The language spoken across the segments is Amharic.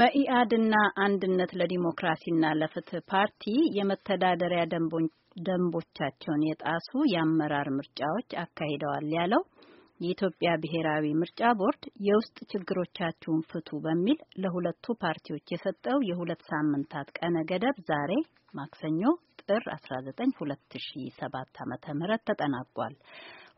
መኢአድና አንድነት ለዲሞክራሲና ለፍትህ ፓርቲ የመተዳደሪያ ደንቦቻቸውን የጣሱ የአመራር ምርጫዎች አካሂደዋል ያለው የኢትዮጵያ ብሔራዊ ምርጫ ቦርድ የውስጥ ችግሮቻችሁን ፍቱ በሚል ለሁለቱ ፓርቲዎች የሰጠው የሁለት ሳምንታት ቀነ ገደብ ዛሬ ማክሰኞ ጥር 19 2007 ዓ.ም ተጠናቋል።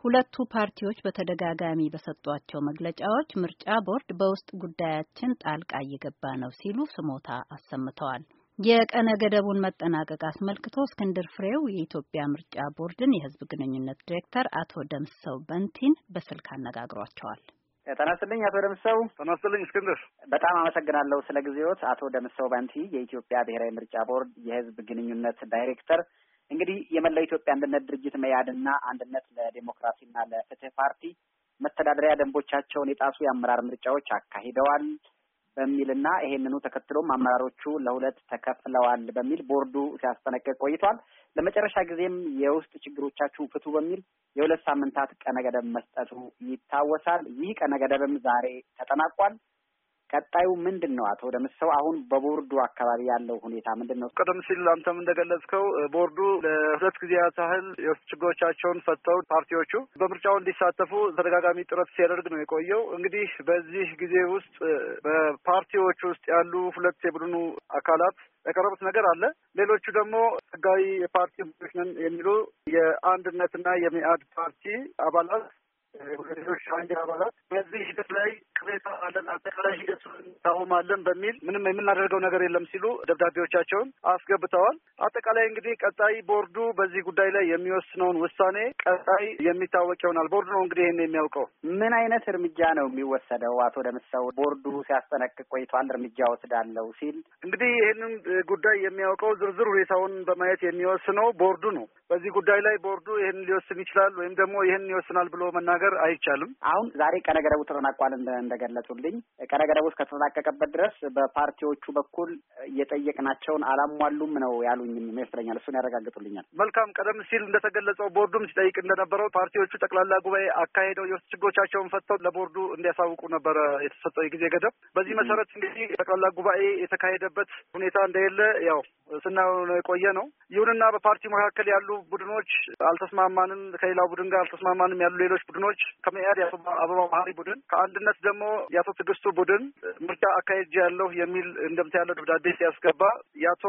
ሁለቱ ፓርቲዎች በተደጋጋሚ በሰጧቸው መግለጫዎች ምርጫ ቦርድ በውስጥ ጉዳያችን ጣልቃ እየገባ ነው ሲሉ ስሞታ አሰምተዋል። የቀነ ገደቡን መጠናቀቅ አስመልክቶ እስክንድር ፍሬው የኢትዮጵያ ምርጫ ቦርድን የሕዝብ ግንኙነት ዲሬክተር አቶ ደምሰው በንቲን በስልክ አነጋግሯቸዋል። ጤና አቶ ደምሰው። ጤና እስክንድር፣ በጣም አመሰግናለሁ ስለ ጊዜዎት። አቶ ደምሰው በንቲ የኢትዮጵያ ብሔራዊ ምርጫ ቦርድ የሕዝብ ግንኙነት ዳይሬክተር እንግዲህ የመላው ኢትዮጵያ አንድነት ድርጅት መያድና አንድነት ለዴሞክራሲና ለፍትህ ፓርቲ መተዳደሪያ ደንቦቻቸውን የጣሱ የአመራር ምርጫዎች አካሂደዋል በሚልና ይሄንኑ ተከትሎም አመራሮቹ ለሁለት ተከፍለዋል በሚል ቦርዱ ሲያስጠነቅቅ ቆይቷል። ለመጨረሻ ጊዜም የውስጥ ችግሮቻችሁ ፍቱ በሚል የሁለት ሳምንታት ቀነ ገደብ መስጠቱ ይታወሳል። ይህ ቀነ ገደብም ዛሬ ተጠናቋል። ቀጣዩ ምንድን ነው? አቶ ደምሰው አሁን በቦርዱ አካባቢ ያለው ሁኔታ ምንድን ነው? ቀደም ሲል አንተም እንደገለጽከው ቦርዱ ለሁለት ጊዜያት ያህል ችግሮቻቸውን ፈተው ፓርቲዎቹ በምርጫው እንዲሳተፉ ተደጋጋሚ ጥረት ሲያደርግ ነው የቆየው። እንግዲህ በዚህ ጊዜ ውስጥ በፓርቲዎች ውስጥ ያሉ ሁለት የቡድኑ አካላት ያቀረቡት ነገር አለ። ሌሎቹ ደግሞ ህጋዊ የፓርቲ መሪዎች ነን የሚሉ የአንድነትና የሚአድ ፓርቲ አባላት ሌሎች አንድ አባላት በዚህ ሂደት ላይ ቅሬታ አለን፣ አጠቃላይ ሂደት እንቃወማለን በሚል ምንም የምናደርገው ነገር የለም ሲሉ ደብዳቤዎቻቸውን አስገብተዋል። አጠቃላይ እንግዲህ ቀጣይ ቦርዱ በዚህ ጉዳይ ላይ የሚወስነውን ውሳኔ ቀጣይ የሚታወቅ ይሆናል። ቦርዱ ነው እንግዲህ ይህን የሚያውቀው። ምን አይነት እርምጃ ነው የሚወሰደው? አቶ ደምሰው ቦርዱ ሲያስጠነቅቅ ቆይቷል፣ እርምጃ ወስዳለው ሲል እንግዲህ ይህንን ጉዳይ የሚያውቀው ዝርዝር ሁኔታውን በማየት የሚወስነው ቦርዱ ነው። በዚህ ጉዳይ ላይ ቦርዱ ይህን ሊወስን ይችላል ወይም ደግሞ ይህን ይወስናል ብሎ መናገር ነገር አይቻልም። አሁን ዛሬ ቀነ ገደቡ ተጠናቋል እንደገለጹልኝ፣ ቀነ ገደቡ እስከተጠናቀቀበት ድረስ በፓርቲዎቹ በኩል እየጠየቅናቸውን አላሟሉም ነው ያሉኝ ይመስለኛል። እሱን ያረጋግጡልኛል። መልካም። ቀደም ሲል እንደተገለጸው ቦርዱም ሲጠይቅ እንደነበረው ፓርቲዎቹ ጠቅላላ ጉባኤ አካሄደው የውስጥ ችግሮቻቸውን ፈተው ለቦርዱ እንዲያሳውቁ ነበረ የተሰጠው የጊዜ ገደብ። በዚህ መሰረት እንግዲህ ጠቅላላ ጉባኤ የተካሄደበት ሁኔታ እንደሌለ ያው ስናየው ነው የቆየ ነው። ይሁንና በፓርቲ መካከል ያሉ ቡድኖች አልተስማማንም፣ ከሌላው ቡድን ጋር አልተስማማንም ያሉ ሌሎች ቡድኖች ፓርቲዎች ከመኢአድ አበባ መሀሪ ቡድን ከአንድነት ደግሞ የአቶ ትዕግስቱ ቡድን ምርጫ አካሄጅ ያለሁ የሚል እንደምታ ያለው ደብዳቤ ሲያስገባ የአቶ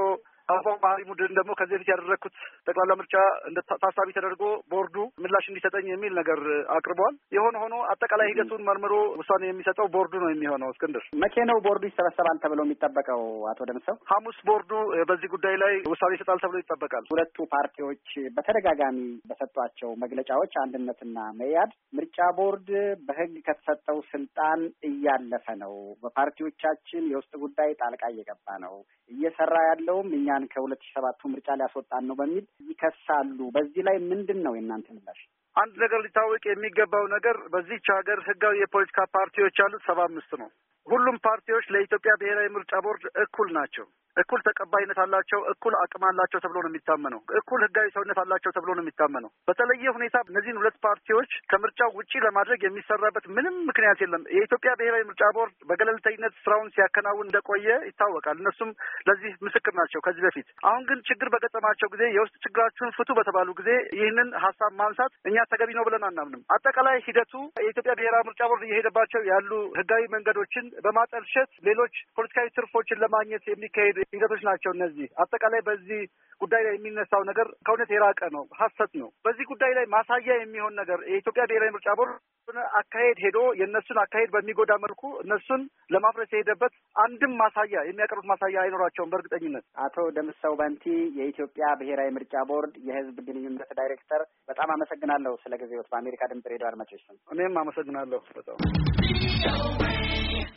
ባህሪ ማሪሙድን ደግሞ ከዚህ በፊት ያደረግኩት ጠቅላላ ምርጫ እንደ ታሳቢ ተደርጎ ቦርዱ ምላሽ እንዲሰጠኝ የሚል ነገር አቅርቧል። የሆነ ሆኖ አጠቃላይ ሂደቱን መርምሮ ውሳኔ የሚሰጠው ቦርዱ ነው የሚሆነው። እስክንድር፣ መቼ ነው ቦርዱ ይሰበሰባል ተብሎ የሚጠበቀው? አቶ ደምሰው፣ ሐሙስ ቦርዱ በዚህ ጉዳይ ላይ ውሳኔ ይሰጣል ተብሎ ይጠበቃል። ሁለቱ ፓርቲዎች በተደጋጋሚ በሰጧቸው መግለጫዎች አንድነትና መያድ ምርጫ ቦርድ በህግ ከተሰጠው ስልጣን እያለፈ ነው፣ በፓርቲዎቻችን የውስጥ ጉዳይ ጣልቃ እየገባ ነው፣ እየሰራ ያለውም እኛ እኛን ከሁለት ሺ ሰባቱ ምርጫ ሊያስወጣን ነው በሚል ይከሳሉ። በዚህ ላይ ምንድን ነው የእናንተ ምላሽ? አንድ ነገር ሊታወቅ የሚገባው ነገር በዚች ሀገር ህጋዊ የፖለቲካ ፓርቲዎች ያሉት ሰባ አምስት ነው። ሁሉም ፓርቲዎች ለኢትዮጵያ ብሔራዊ ምርጫ ቦርድ እኩል ናቸው። እኩል ተቀባይነት አላቸው፣ እኩል አቅም አላቸው ተብሎ ነው የሚታመነው፣ እኩል ህጋዊ ሰውነት አላቸው ተብሎ ነው የሚታመነው። በተለየ ሁኔታ እነዚህን ሁለት ፓርቲዎች ከምርጫው ውጪ ለማድረግ የሚሰራበት ምንም ምክንያት የለም። የኢትዮጵያ ብሔራዊ ምርጫ ቦርድ በገለልተኝነት ስራውን ሲያከናውን እንደቆየ ይታወቃል። እነሱም ለዚህ ምስክር ናቸው ከዚህ በፊት። አሁን ግን ችግር በገጠማቸው ጊዜ የውስጥ ችግራችሁን ፍቱ በተባሉ ጊዜ ይህንን ሀሳብ ማንሳት እኛ ተገቢ ነው ብለን አናምንም። አጠቃላይ ሂደቱ የኢትዮጵያ ብሔራዊ ምርጫ ቦርድ እየሄደባቸው ያሉ ህጋዊ መንገዶችን በማጠልሸት ሌሎች ፖለቲካዊ ትርፎችን ለማግኘት የሚካሄድ ድንገቶች ናቸው እነዚህ። አጠቃላይ በዚህ ጉዳይ ላይ የሚነሳው ነገር ከእውነት የራቀ ነው፣ ሀሰት ነው። በዚህ ጉዳይ ላይ ማሳያ የሚሆን ነገር የኢትዮጵያ ብሔራዊ ምርጫ ቦርድ አካሄድ ሄዶ የእነሱን አካሄድ በሚጎዳ መልኩ እነሱን ለማፍረስ የሄደበት አንድም ማሳያ የሚያቀርቡት ማሳያ አይኖራቸውም በእርግጠኝነት። አቶ ደምሰው ባንቲ የኢትዮጵያ ብሔራዊ ምርጫ ቦርድ የህዝብ ግንኙነት ዳይሬክተር፣ በጣም አመሰግናለሁ ስለ ጊዜዎት። በአሜሪካ ድምጽ ሬዲዮ አድማጮች እኔም አመሰግናለሁ በጣም